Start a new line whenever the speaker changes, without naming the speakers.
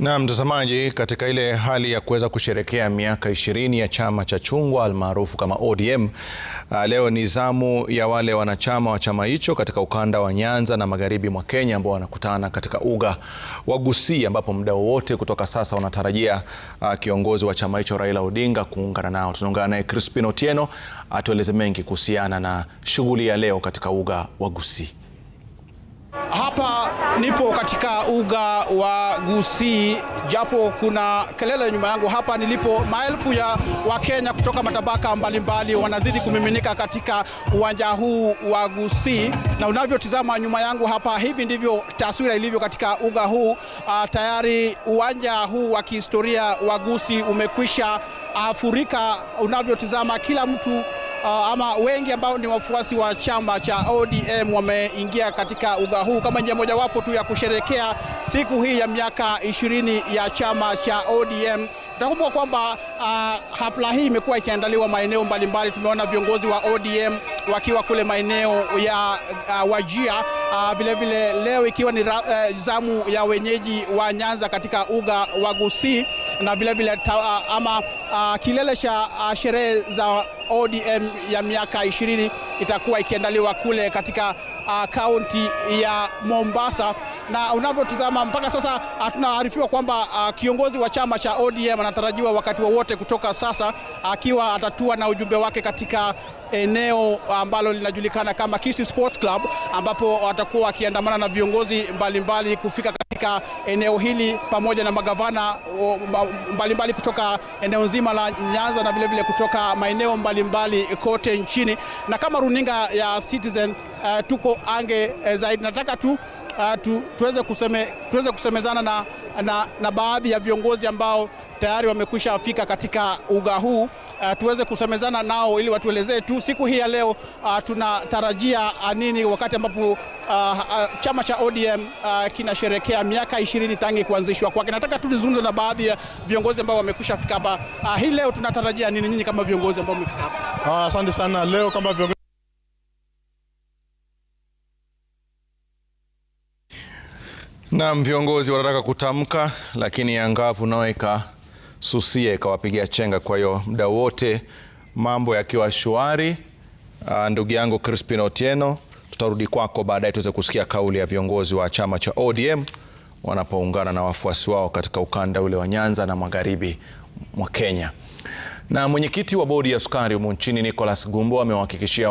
Na mtazamaji, katika ile hali ya kuweza kusherekea miaka ishirini ya chama cha chungwa almaarufu kama ODM, ah, leo ni zamu ya wale wanachama wa chama hicho katika ukanda wa Nyanza na magharibi mwa Kenya ambao wanakutana katika uga wa Gusii, ambapo muda wowote kutoka sasa wanatarajia ah, kiongozi wa chama hicho Raila Odinga kuungana nao. Tunaungana naye Crispin Otieno atueleze mengi kuhusiana na shughuli ya leo katika uga wa Gusii.
Hapa nipo katika uga wa Gusii, japo kuna kelele nyuma yangu hapa nilipo, maelfu ya Wakenya kutoka matabaka mbalimbali wanazidi kumiminika katika uwanja huu wa Gusii, na unavyotizama nyuma yangu hapa, hivi ndivyo taswira ilivyo katika uga huu. Uh, tayari uwanja huu wa kihistoria wa Gusii umekwisha afurika. Unavyotizama kila mtu uh, ama wengi ambao ni wafuasi wa chama cha ODM wameingia katika uga huu kama njia mojawapo tu ya kusherekea siku hii ya miaka ishirini ya chama cha ODM. Utakumbuka kwamba uh, hafla hii imekuwa ikiandaliwa maeneo mbalimbali. Tumeona viongozi wa ODM wakiwa kule maeneo ya uh, ah, Wajia vilevile uh, vile leo ikiwa ni ra, uh, zamu ya wenyeji wa Nyanza katika uga wa Gusii na vilevile vile ama uh, kilele cha sherehe za ODM ya miaka ishirini itakuwa ikiandaliwa kule katika kaunti ya Mombasa, na unavyotazama mpaka sasa tunaarifiwa kwamba kiongozi wa chama cha ODM anatarajiwa wakati wowote wa kutoka sasa, akiwa atatua na ujumbe wake katika eneo ambalo linajulikana kama Kisii Sports Club, ambapo watakuwa wakiandamana na viongozi mbalimbali mbali kufika katika eneo hili pamoja na magavana mbalimbali mbali kutoka eneo nzima la Nyanza na vilevile vile kutoka maeneo mbalimbali kote nchini, na kama runinga ya Citizen uh, tuko ange uh, zaidi. Nataka tu, uh, tu tuweze, kuseme, tuweze kusemezana na, na, na baadhi ya viongozi ambao tayari wamekwisha fika katika uga huu uh, tuweze kusemezana nao ili watuelezee tu siku hii ya leo uh, tunatarajia nini wakati ambapo uh, uh, chama cha ODM uh, kinasherekea miaka ishirini tangi kuanzishwa kwake. Nataka tu tuzungumze na baadhi ya viongozi ambao wamekwisha fika hapa. Uh, hii leo tunatarajia nini nyinyi kama viongozi ambao mmefika hapa?
Ah, asante uh, sana leo kama viongozi Naam, viongozi wanataka kutamka, lakini angavu nao ikasusia ikawapigia chenga. Kwa hiyo muda wote mambo yakiwa shwari, ah, ndugu yangu Crispin Otieno, tutarudi kwako baadaye tuweze kusikia kauli ya viongozi wa chama cha ODM wanapoungana na wafuasi wao katika ukanda ule wa Nyanza na magharibi mwa Kenya. Na mwenyekiti wa bodi ya sukari humu nchini Nicholas Gumbo amewahakikishia